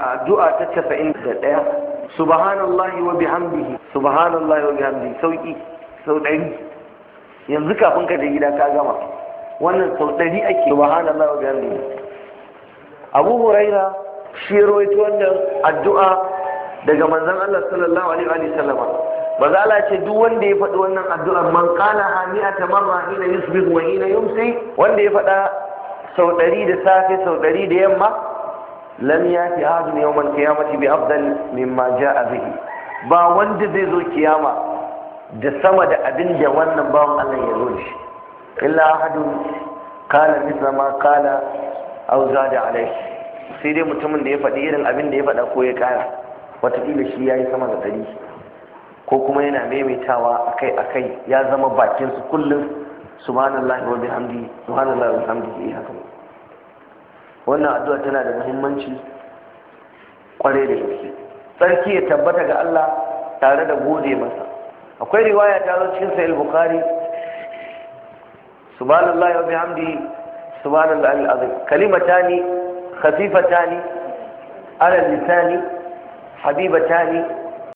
addu'a ta tafa'in da ɗaya subhanallahi wa bihamdihi subhanallahi wa bihamdihi sauki sau ɗari yanzu kafin ka je gida ka gama wannan sau ɗari ake subhanallahi wa bihamdihi abu huraira shi rawaito wannan addu'a daga manzon Allah sallallahu alaihi wa sallama ba za a ce duk wanda ya faɗi wannan addu'a man qala hami'a tamarra ila yusbihu wa ila yumsi wanda ya faɗa sau ɗari da safe sau ɗari da yamma lam yati ahadun yawmal qiyamati bi afdal mimma jaa bihi ba wanda zai zo kiyama da sama da abin da wannan bawan Allah ya zo shi illa ahadun kala misla kala kana aw zada alai sai dai mutumin da ya faɗi irin abin da ya faɗa ko ya kara wataƙila shi ya yi sama da ɗari ko kuma yana maimaitawa akai-akai ya zama bakinsu kullum subhanallah wa bihamdi subhanallah wa bihamdi haka wannan addu'a tana da muhimmanci kware da gaske tsarki ya tabbata ga Allah tare da gode masa akwai riwaya ta zo cikin sahih bukhari subhanallahi wa bihamdihi subhanallahi al-azim kalimatani khafifatani ala lisani habibatani